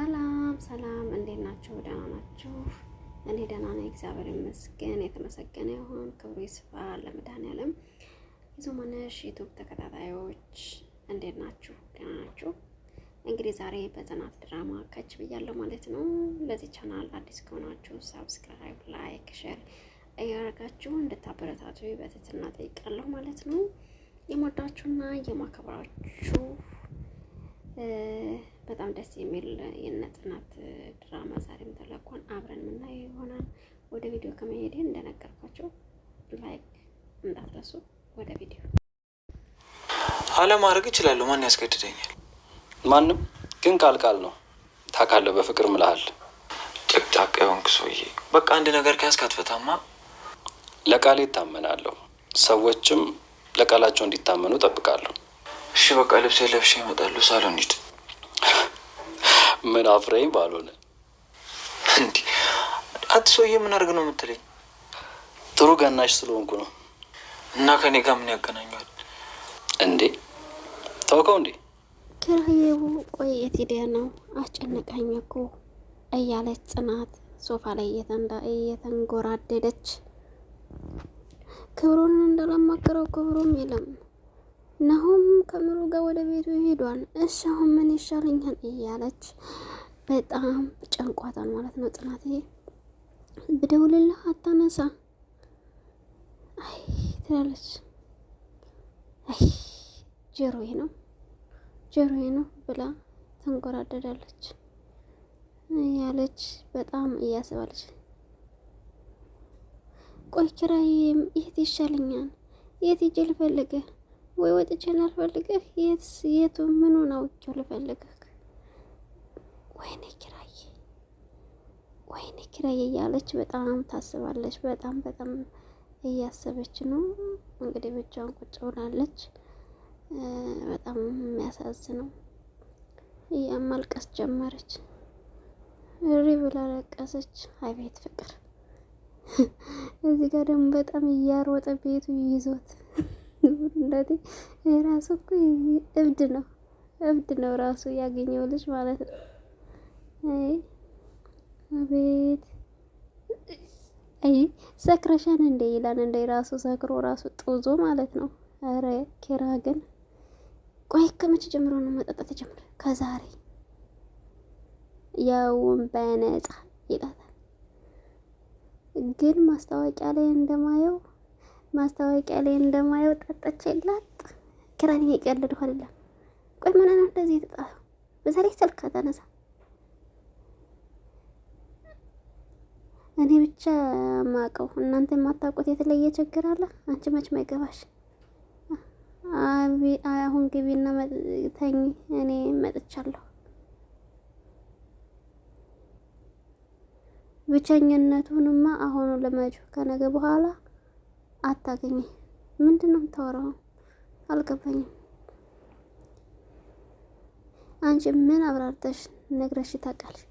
ሰላም ሰላም፣ እንዴት ናችሁ? ደህና ናችሁ? እኔ ደህና ነኝ፣ እግዚአብሔር ይመስገን። የተመሰገነ ይሁን፣ ክብሩ ይስፋ ለመድኃኔዓለም። የዞመነሽ ዩቱብ ተከታታዮች እንዴት ናችሁ? ደህና ናችሁ? እንግዲህ ዛሬ በጽናት ድራማ ከች ብያለሁ ማለት ነው። ለዚህ ቻናል አዲስ ከሆናችሁ ሳብስክራይብ፣ ላይክ፣ ሼር እያደረጋችሁ እንድታበረታቱ በትህትና ጠይቃለሁ ማለት ነው። የምወዳችሁና የማከብራችሁ በጣም ደስ የሚል የነጥናት ጽናት ድራማ ዛሬም ተለቋን አብረን የምናየው ይሆናል። ወደ ቪዲዮ ከመሄድ እንደነገርኳቸው ላይክ እንዳትረሱ። ወደ ቪዲዮ አለማድረግ እችላለሁ። ማን ያስገድደኛል? ማንም ግን ቃል ቃል ነው ታውቃለህ። በፍቅር ምልሃል ጭቅጫቅ የሆንክ ሰውዬ፣ በቃ አንድ ነገር ከያዝክ አትፈታማ። ለቃሌ ይታመናለሁ። ሰዎችም ለቃላቸው እንዲታመኑ ጠብቃለሁ። እሺ በቃ ልብሴ ለብሼ ይመጣሉ። ሳሎን ሂድ ምን አፍረኝ ባልሆነ እንዲ አት ሰውዬ ምን አድርግ ነው የምትለኝ? ጥሩ ገናሽ ስለሆንኩ ነው። እና ከኔ ጋር ምን ያገናኘዋል እንዴ? ታውቀው እንዴ? ኪራዬው ቆይ ደ ነው? አስጨነቀኝ እኮ እያለች ጽናት ሶፋ ላይ እየተንዳ እየተንጎራደደች ክብሩን እንዳላማክረው ክብሩም የለም ናሆም ከምሩ ጋር ወደ ቤቱ ሄዷል። እሺ አሁን ምን ይሻለኛል እያለች በጣም ጨንቋታል ማለት ነው። ጽናትዬ ብደውልልህ አታነሳ አይ ትላለች። አይ ጆሮዬ ነው ጆሮዬ ነው ብላ ተንጎራደዳለች ያለች በጣም እያስባለች። ቆይ ኪራዬም የት ይሻለኛል የት ይጀል ወይ ወጥቼን አልፈልግህ የቱ ምኑ ናውቸው ልፈልግህ? ወይኔ ኪራዬ ወይኔ ኪራዬ እያለች በጣም ታስባለች። በጣም በጣም እያሰበች ነው እንግዲህ ብቻዋን ቁጭ ብላለች። በጣም የሚያሳዝነው እያማልቀስ ጀመረች። እሪ ብላ ለቀሰች። አቤት ፍቅር! እዚህ ጋር ደግሞ በጣም እያሮጠ ቤቱ ይዞት እናቴ ራሱ እኮ እብድ ነው እብድ ነው ራሱ ያገኘው ልጅ ማለት ነው። አይ አቤት አይ ሰክረሻን እንደ ይላል እንደ ራሱ ሰክሮ ራሱ ጦዞ ማለት ነው። አረ ኬራ ግን ቆይ ከመቼ ጀምሮ ነው መጠጣት ጀምሮ? ከዛሬ ያውን በነፃ ይላታል። ግን ማስታወቂያ ላይ እንደማየው ማስታወቂያ ላይ እንደማየው ጣጣች ላጥ ክራን እየቀለድኩ አይደለም። ቆይ ምን ነው እንደዚህ የተጣፈ በዛሬ ስልክ ተነሳ። እኔ ብቻ ማቀው እናንተ የማታውቁት የተለየ ችግር አለ። አንቺ መች ማይገባሽ አሁን ግቢና መጥተኝ እኔ መጥቻለሁ። ብቸኝነቱንማ አሁኑ ልመጁ ከነገ በኋላ አታገኘ ምንድን ነው የምታወራው? አልገባኝም። አንቺ ምን አብራርተሽ ነግረሽ ታውቃለሽ?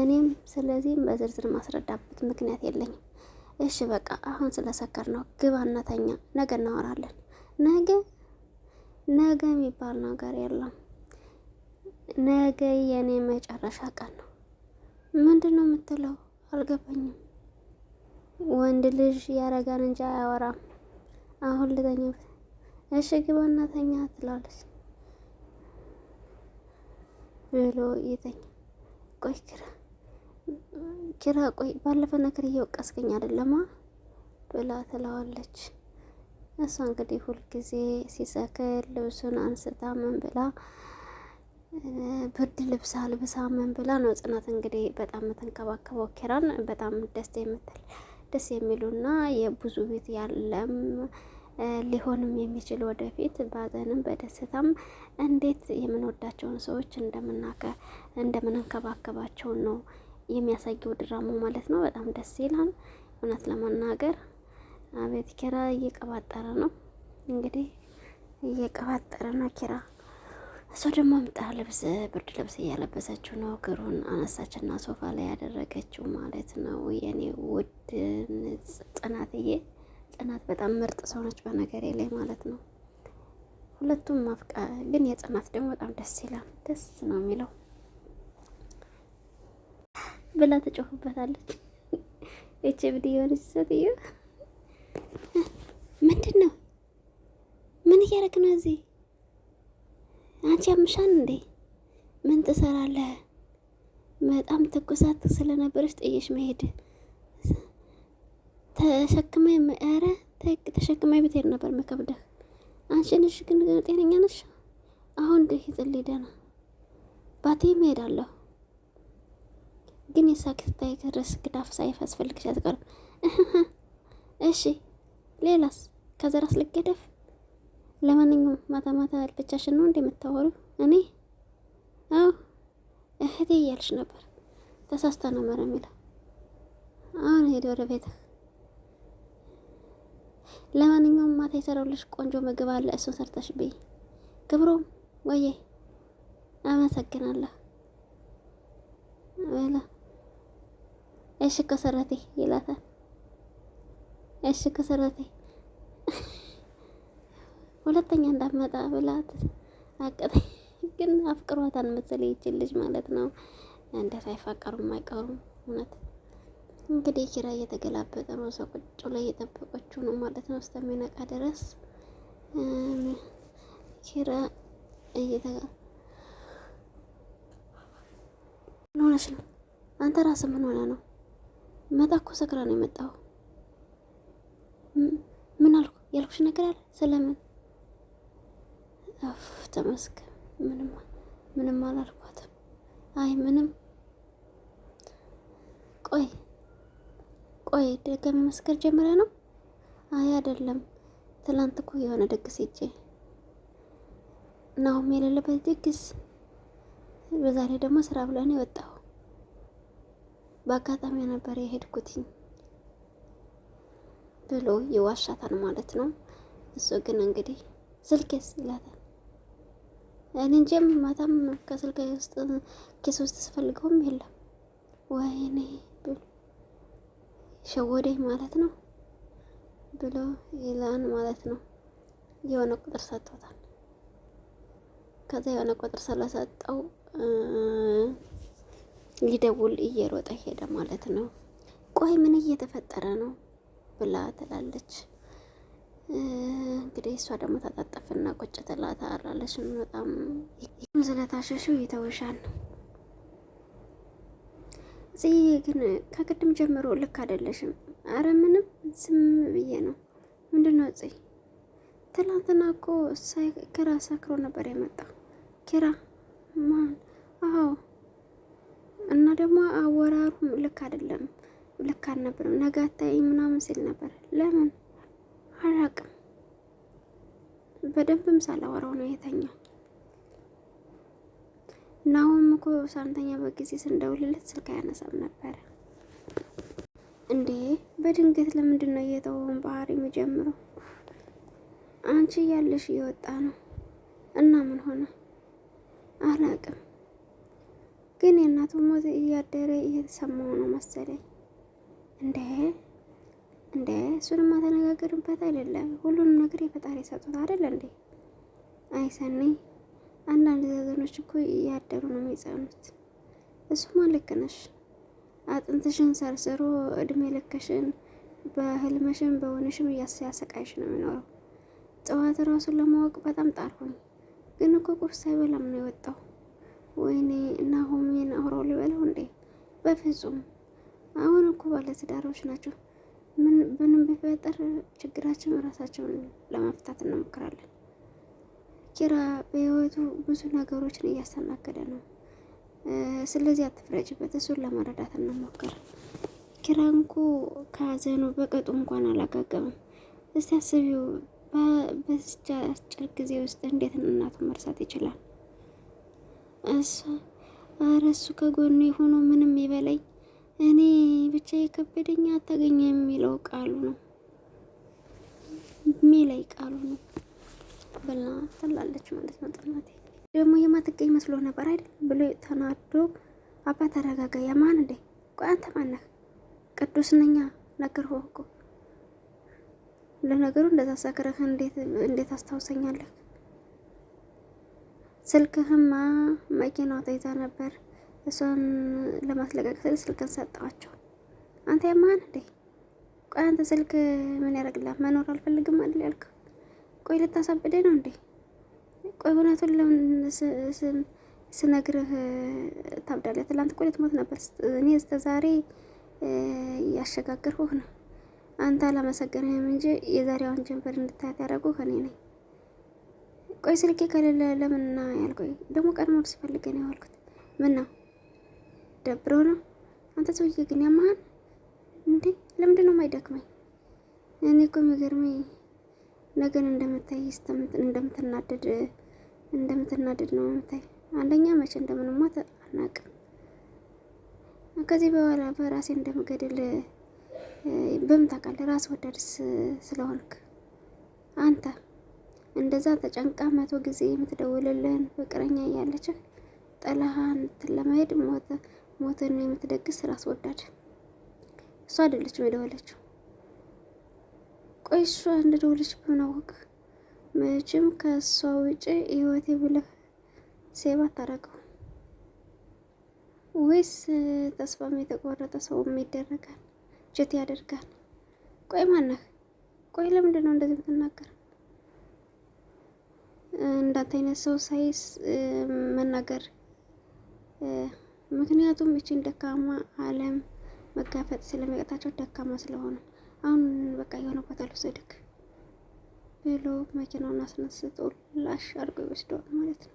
እኔም ስለዚህም በዝርዝር ማስረዳበት ምክንያት የለኝም። እሺ በቃ አሁን ስለሰከር ነው ግባ እናተኛ፣ ነገ እናወራለን። ነገ ነገ የሚባል ነገር የለም። ነገ የእኔ መጨረሻ ቀን ነው። ምንድን ነው የምትለው? አልገባኝም። ወንድ ልጅ ያረጋን እንጂ አያወራም። አሁን ልተኛበት። እሺ ግባና ተኛ ትላለች ብሎ ይተኛ። ቆይ ኪራ ኪራ ቆይ ባለፈ ነገር እየወቀስከኝ አይደለማ ብላ ትለዋለች። እሷ እንግዲህ ሁልጊዜ ሲሰክል ልብሱን አንስታ ምን ብላ ብርድ ልብሳ ልብሳ ምን ብላ ነው ጽናት እንግዲህ በጣም የምትንከባከበው ኪራን በጣም ደስ የምትል ደስ የሚሉና የብዙ ቤት ያለም ሊሆንም የሚችል ወደፊት በሀዘንም በደስታም እንዴት የምንወዳቸውን ሰዎች እንደምናከ እንደምንንከባከባቸው ነው የሚያሳየው ድራማ ማለት ነው። በጣም ደስ ይላል። እውነት ለመናገር አቤት ኪራ እየቀባጠረ ነው እንግዲህ እየቀባጠረ ነው ኪራ እሷ ደግሞ ምጣ ልብስ ብርድ ልብስ እያለበሰችው ነው። እግሩን አነሳችና ሶፋ ላይ ያደረገችው ማለት ነው። የኔ ውድ ጽናትዬ፣ ጽናት በጣም ምርጥ ሰው ነች በነገሬ ላይ ማለት ነው። ሁለቱም ማፍቃ ግን የጽናት ደግሞ በጣም ደስ ይላል። ደስ ነው የሚለው ብላ ትጮፍበታለች። ኤች ኤብዲ የሆነች ሴትዮ ምንድን ነው ምን እያደረግ ነው እዚህ አንቺ ያምሻል እንዴ? ምን ትሰራለህ? በጣም ትኩሳት ስለነበረች ጥየሽ መሄድ ተሸክመ ኧረ ተሸክመ ብትሄድ ነበር መከብደህ። አንቺ ነሽ ግን ጤነኛ ነሽ? አሁን ግን ይጥል ደና ባቴ መሄዳለሁ ግን የሳቅ ስታይ ድረስ ግዳፍ ሳይፍ አስፈልግሽ አትቀርም። እሺ ሌላስ ከዘራስ ልገደፍ ለማንኛውም ማታ ማታ ብቻሽን ነው እንዴ እንደምታወሪው? እኔ አዎ እህቴ እያልሽ ነበር። ተሳስተ ነው መረሚላ። አሁን ሄድ ወደ ቤትህ። ለማንኛውም ማታ የሰራሁልሽ ቆንጆ ምግብ አለ፣ እሱን ሰርተሽ ብይ። ክብሮም ወዬ አመሰግናለሁ በላ። እሺ ከሰረቴ ይላታል። እሺ ከሰረቴ ሁለተኛ እንዳትመጣ ብላት አቀጠ ግን አፍቅሯታን መሰለኝ ይቺ ልጅ ማለት ነው። እንደ ሳይፋቀሩም አይቀሩም እውነት። እንግዲህ ኪራ እየተገላበጠ ነው። ሰው ቁጭ ላይ እየጠበቀችው ነው ማለት ነው እስከሚነቃ ድረስ ኪራ ምን ሆነሽ ነው አንተ? ራስ ምን ሆነ ነው? መጣ እኮ ሰክራ ነው የመጣው። ምን አልኩ ያልኩሽ ነገር አለ ስለምን አፍ ተመስገን። ምንም ምንም አላልኳትም። አይ ምንም ቆይ ቆይ ደገመ መስከር ጀምረ ነው? አይ አይደለም፣ ትላንት እኮ የሆነ ድግስ ሄጄ ናሁም የሌለበት ድግስ፣ በዛሬ ደግሞ ስራ ብለን የወጣው በአጋጣሚ ነበር የሄድኩትኝ ብሎ ይዋሻታል ማለት ነው። እሱ ግን እንግዲህ ስልኬስ ይላታል። እኔ እንጂ ማታም ከስልክ ውስጥ ኪስ ውስጥ ስፈልገውም የለም። ወይኔ ሸወደኝ ማለት ነው ብሎ ይላን ማለት ነው። የሆነ ቁጥር ሰጥቶታል። ከዛ የሆነ ቁጥር ስለሰጠው ሊደውል እየሮጠ ሄደ ማለት ነው። ቆይ ምን እየተፈጠረ ነው ብላ ትላለች። እንግዲህ እሷ ደግሞ ታጣጠፍና ቁጭ ታራለች። በጣም ስለታሸሹ ይተውሻል። እዚህ ግን ከቅድም ጀምሮ ልክ አይደለሽም። አረ ምንም ስም ብዬ ነው። ምንድን ነው ጽይ? ትላንትና እኮ ኪራ ሰክሮ ነበር የመጣው። ኪራ ማን? አዎ። እና ደግሞ አወራሩም ልክ አይደለም፣ ልክ አልነበረም። ነጋታይ ምናምን ሲል ነበር። ለምን አላቅም። በደንብም ሳላወራው ነው የተኛው። ናሁም እኮ ሳንተኛ በጊዜ ስንደውልለት ስልክ አያነሳም ነበረ። እንዴ በድንገት ለምንድን ነው ባህር ባህሪ የሚጀምረው? አንቺ እያለሽ እየወጣ ነው እና ምን ሆነ አላቅም። ግን የእናቱ ሞት እያደረ እየተሰማው ነው መሰለኝ እንዴ እንደ እሱንማ ተነጋገርበት አይደለም። ሁሉንም ነገር የፈጣሪ ሰጡት አይደለ እንዴ? አይሰኔ አንዳንድ ዘዘኖች እኮ እያደሩ ነው የሚጸኑት። እሱማ ልክ ነሽ። አጥንትሽን ሰርስሮ እድሜ ልክሽን በህልመሽን በሆነሽም እያሰቃይሽ ነው የሚኖረው። ጠዋት ራሱን ለማወቅ በጣም ጣርሆኝ፣ ግን እኮ ቁርስ አይበላም ነው የወጣው። ወይኔ ሆሜን አውራው ሊበላው እንዴ? በፍጹም አሁን እኮ ባለትዳሮች ናቸው። ምንም ቢፈጠር ችግራችን እራሳችንን ለመፍታት እንሞክራለን። ኪራ በህይወቱ ብዙ ነገሮችን እያስተናገደ ነው። ስለዚህ አትፍረጅበት፣ እሱን ለመረዳት እንሞክር። ኪራ እንኳ ከሀዘኑ በቅጡ እንኳን አላጋገምም። እስቲ አስቢው፣ በዚች አጭር ጊዜ ውስጥ እንዴት እናቱን መርሳት ይችላል? እሱ አረሱ እሱ ከጎኑ የሆነው ምንም ይበለኝ እኔ ብቻ የከበደኝ አታገኘ የሚለው ቃሉ ነው ሚላይ ቃሉ ነው በላ ትላለች ማለት ነው። ጥናቴ ደግሞ የማትገኝ መስሎ ነበር አይደል ብሎ ተናዶ አባ ተረጋጋ። የማን እንዴ? ቆይ አንተ ማነህ? ቅዱስ ነኛ ነገር እኮ። ለነገሩ እንደዛ ሰክረህ እንዴት አስታውሰኛለህ? ስልክህማ መኪናው ተይዛ ነበር እሷን ለማስለቀቅ ስል ስልክን ሰጠዋቸው። አንተ የማን እንዴ? ቆይ አንተ ስልክ ምን ያደርግልሃል? መኖር አልፈልግም አይደል ያልከው? ቆይ ነው እንዴ? ቆይ እውነቱን ለምን ስነግርህ ታብዳለህ? ትላንት እኮ ልትሞት ነበር። እኔ እስከ ዛሬ ያሸጋግርኩህ ነው። አንተ አላመሰገንህም እንጂ የዛሬዋን ጀንበር እንድታያት ያደረጉህ እኔ ነኝ። ቆይ ስልኬ ከሌለ ለምን ደግሞ ቀድሞ ሲፈልገን ያዋልኩት ምን ነው ደብሮ ነው። አንተ ሰውዬ ግን ያመሃል እንዴ? ለምንድን ነው ማይደክመኝ? እኔ እኮ የሚገርመኝ ነገን እንደምታይ እንደምትናደድ እንደምትናደድ ነው የምታይ። አንደኛ መቼ እንደምንሞት አናቅም። ከዚህ በኋላ በራሴ እንደምገድል በምን ታውቃለህ? ራስ ወዳድ ስለሆንክ አንተ እንደዛ ተጨንቃ መቶ ጊዜ የምትደውልልን ፍቅረኛ እያለች ጥላሃን ለመሄድ ሞተ ሞትን የምትደግስ ራስ ወዳድ እሷ አይደለችም የደወለችው። ቆይ እሷ እንደደወለች በምን አወቅ? መቼም ከእሷ ውጭ ህይወቴ ብለህ ሴባ አታደርገው። ወይስ ተስፋም የተቆረጠ ሰውም ይደረጋል ጀት ያደርጋል። ቆይ ማነህ? ቆይ ለምንድን ነው እንደዚህ የምትናገር? እንዳንተ አይነት ሰው ሳይስ መናገር ምክንያቱም እችን ደካማ አለም መጋፈጥ ስለሚቀጣቸው ደካማ ስለሆነ አሁን በቃ የሆነ ቦታ ልውሰድክ ብሎ መኪናውን አስነስቶ ላሽ አድርጎ ይወስደዋል ማለት ነው።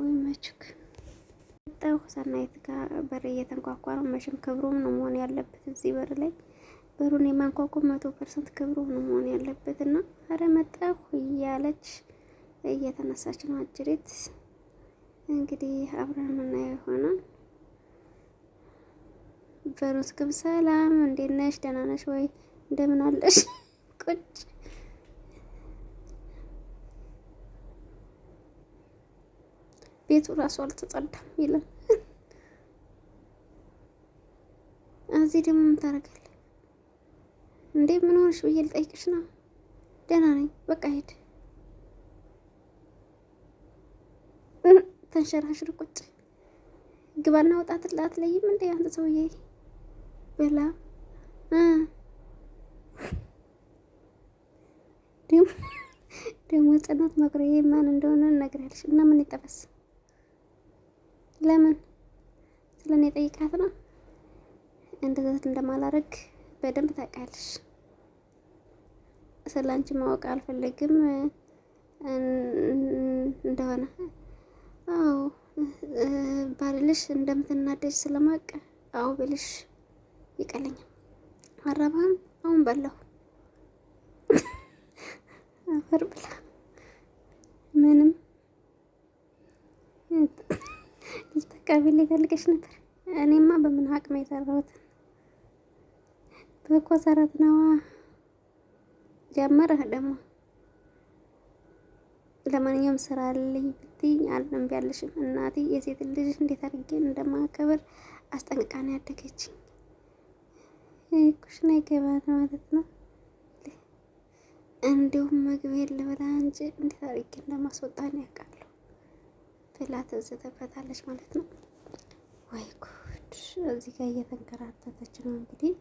ወይ መችክ ጠው ሰናይት ጋር በር እየተንኳኳ ነው። መቼም ክብሩም ነው መሆን ያለበት እዚህ በር ላይ በሩን የማንኳኳ መቶ ፐርሰንት ክብሩ ነው መሆን ያለበት እና አረ መጣሁ እያለች እየተነሳች ነው አጅሬት እንግዲህ አብረን የምናየው ይሆናል። በሩስክም ሰላም፣ እንዴት ነሽ? ደህና ነሽ ወይ? እንደምን አለሽ? ቁጭ ቤቱ እራሱ አልተጸዳም ይላል። እዚህ ደግሞ ምን ታደርጋለህ እንዴ? ምን ሆነሽ ብዬ ልጠይቅሽ ነው። ደህና ነኝ፣ በቃ ሄድ ተንሸራሽር ቁጭ ግባና ወጣት አትለይም እንዴ አንተ ሰውዬ ብላ ደግሞ ጽናት መኩሪያ ማን እንደሆነ እነግርሃለሽ። እና ምን ይጠበስ? ለምን ስለኔ ጠይቃት ነው። እንደዛ እንደማላረግ በደንብ ታውቃለሽ። ስላንቺ ማወቅ አልፈልግም እንደሆነ አዎ ባልልሽ እንደምትናደጅ ስለማቅ አዎ ብልሽ ይቀለኝ አረባም አሁን በላሁ አፈር ብላ ምንም ልታቀርቢ ፈልገሽ ነበር። እኔማ በምን አቅም የሰራሁት በኮሰረት ነዋ። ጀመረህ ደግሞ ለማንኛውም ስራ አለኝ ብትይኝ አልንብ ያለሽም እናቴ የሴት ልጅ እንዴት አድርጌ እንደማከብር አስጠንቅቃን ያደገች ኩሽና ይገባል ማለት ነው። እንዲሁም ምግቤን ልብላ እንጂ እንዴት አድርጌ እንደማስወጣን ያውቃለሁ ብላ ትዝተበታለች ማለት ነው። ወይ ጉድ! እዚህ ጋር እየተንከራተተች ነው እንግዲህ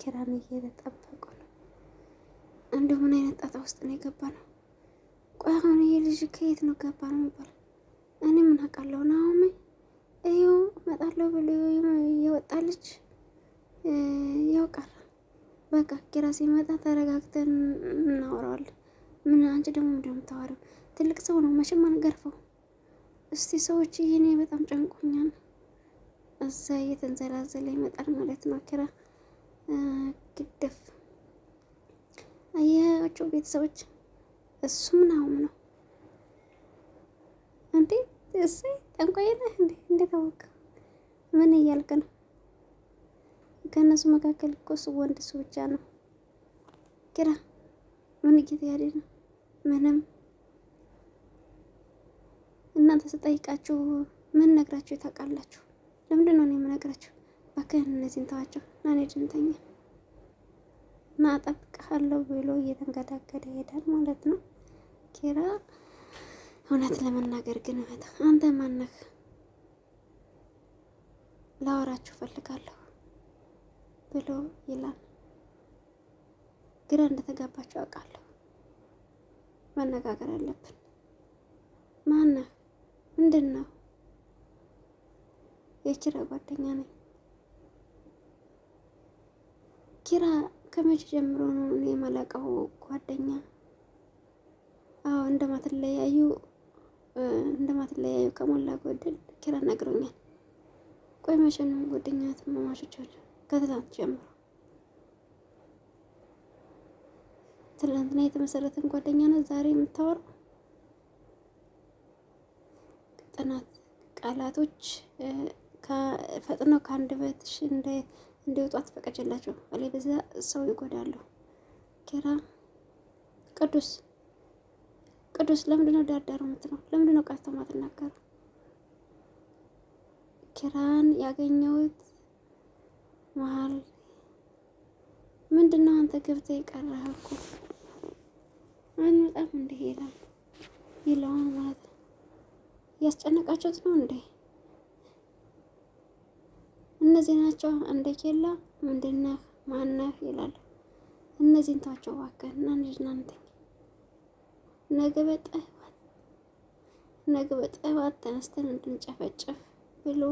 ኪራን እየተጠበቁ ነው። እንዲሁ ምን አይነት ጣጣ ውስጥ ነው የገባ ነው። ቆይ አሁን ይሄ ልጅ ከየት ነው ገባ ነው የሚባለው? እኔ ምን አውቃለሁ። ናሆሜ እዩ እመጣለሁ ብሎ የወጣለች ያውቃል። በቃ ኪራ ሲመጣ ተረጋግተን እናወራዋለን። ምን አንቺ ደግሞ እንደምታወሪው ትልቅ ሰው ነው መቼም አንገርፈው። እስቲ ሰዎች ይሄኔ በጣም ጨንቆኛል። እዛ እየተንዘላዘለ ይመጣል ማለት ነው ኪራ ግደፍ አያቸው ቤተሰቦች እሱም ናሁም ነው እንዴ? እሰይ ጠንቋይ ነህ እንዴ? እንዴት አወቅ? ምን እያልክ ነው? ከእነሱ መካከል እኮ እሱ ወንድ እሱ ብቻ ነው። ኪራ ምን እየተያደ ነው? ምንም እናንተ ስጠይቃችሁ ምን ነግራችሁ ታውቃላችሁ? ለምንድን ነው እኔ የምነግራችሁ? እባክህን እነዚህን ተዋቸው። እኔ ድምተኛ እና እጠብቅሃለሁ ብሎ እየተንገዳገደ ይሄዳል ማለት ነው። ኪራ እውነት ለመናገር ግን እህት አንተ ማነህ? ላወራችሁ ፈልጋለሁ ብሎ ይላል። ግራ እንደተጋባችሁ አውቃለሁ። መነጋገር አለብን። ማነህ? ምንድን ነው? የኪራ ጓደኛ ነኝ። ኪራ ከመቼ ጀምሮ ነው እኔ የማላውቀው ጓደኛ? አዎ እንደማትለያዩ እንደማትለያዩ ከሞላ ጎደል ኪራ ነግሮኛል። ቆይ መቼ ነው ጓደኛ ትመማቾቻል? ከትላንት ጀምሮ ትላንትና የተመሰረትን ጓደኛ ነው ዛሬ የምታወራው? ጥናት ቃላቶች ፈጥነው ከአንድ በትሽ እንዲወጡ አትፈቀጅላቸው። አለበዛ ሰው ይጎዳሉ። ኬራ ቅዱስ ቅዱስ ለምንድን ነው ዳርዳር የምትለው? ለምንድን ነው ቀርተማ ትናገሩ? ኬራን ያገኘሁት መሀል ምንድን ነው አንተ ገብተህ የቀረህ እኮ አንመጣም እንዲህ ይላል ይለዋል ማለት ነው። ነው እንዴ? እነዚህ ናቸው እንደ ኬላ ምንድነህ ማነህ ይላል። እነዚህን ታቸው እባክህ እና እንድናንተኝ ነገ በጠዋት ነገ በጠዋት ተነስተን እንድንጨፈጨፍ ብሎ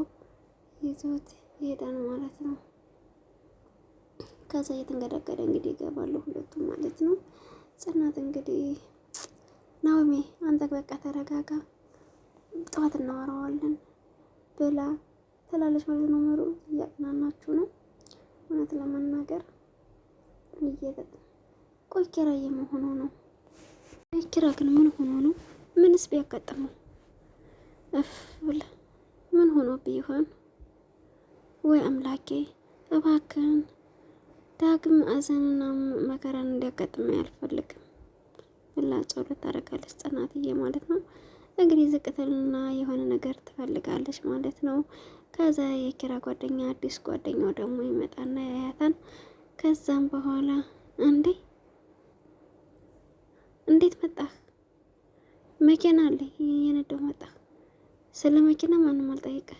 ይዞት ይሄዳል ማለት ነው። ከዛ እየተንገዳገደ እንግዲህ ይገባሉ ሁለቱም ማለት ነው። ጽናት እንግዲህ ናውሜ አንተ በቃ ተረጋጋ፣ ጠዋት እናወራዋለን ብላ ትላለች ማለት ነው። ምሩ እያጽናናችሁ ነው። እውነት ለመናገር ቆይ ኪራ የመሆኑ ነው። ቆይ ኪራ ግን ምን ሆኖ ነው? ምንስ ቢያጋጥመው? እፍ ምን ሆኖ ቢሆን? ወይ አምላኬ እባክን ዳግም አዘንና መከራን እንዲያጋጥመ አልፈልግም ብላ ጸሎት ታደርጋለች ጽናትዬ ማለት ነው። እንግዲህ ዝቅትልና የሆነ ነገር ትፈልጋለች ማለት ነው። ከዛ የኪራ ጓደኛ አዲስ ጓደኛው ደግሞ ይመጣና ያያታል። ከዛም በኋላ እንዴ እንዴት መጣህ? መኪና አለ የነዳው መጣህ። ስለ መኪና ማንም አልጠይቀ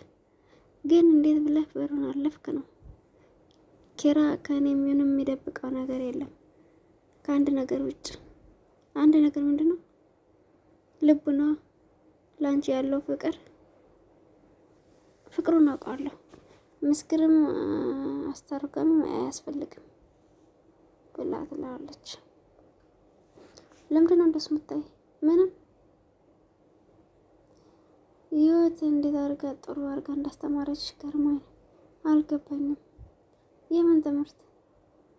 ግን እንዴት ብለህ በሩን አለፍክ ነው። ኪራ ከኔ ምንም የሚደብቀው ነገር የለም ከአንድ ነገር ውጭ። አንድ ነገር ምንድን ነው? ልቡ ነው ለአንቺ ያለው ፍቅር ፍቅሩን አውቃለሁ። ምስክርም አስተርጓሚም አያስፈልግም ብላ ትላለች። ለምንድን እንደሱ የምታይ? ምንም ህይወት እንዴት አድርጋ ጥሩ አድርጋ እንዳስተማረች ገርሞኝ አልገባኝም። የምን ትምህርት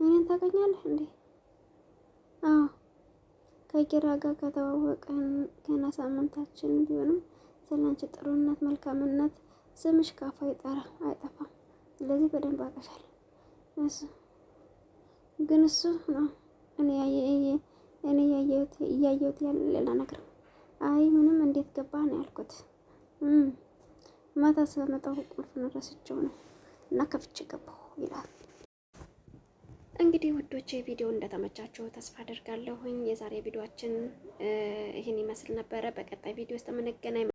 እኔን ታገኛለህ እንዴ? አዎ ከጌራ ጋር ከተዋወቀን ገና ሳምንታችን ቢሆንም ስለ አንቺ ጥሩነት፣ መልካምነት ስምሽ ካፉ አይጠራ አይጠፋም። ስለዚህ በደንብ አውቀሻል። እሱ ግን እሱ ነው እኔ እያየሁት እያየሁት ያለ ሌላ ነገር አይ ምንም እንዴት ገባ ነው ያልኩት። ማታ ስለመጣሁ ቁልፍ ረስቼው ነው እና ከፍቼ ገባሁ ይላል። እንግዲህ ውዶች ቪዲዮ እንደተመቻችሁ ተስፋ አደርጋለሁኝ። የዛሬ ቪዲዮአችን ይህን ይመስል ነበረ። በቀጣይ ቪዲዮ ውስጥ የምንገናኝ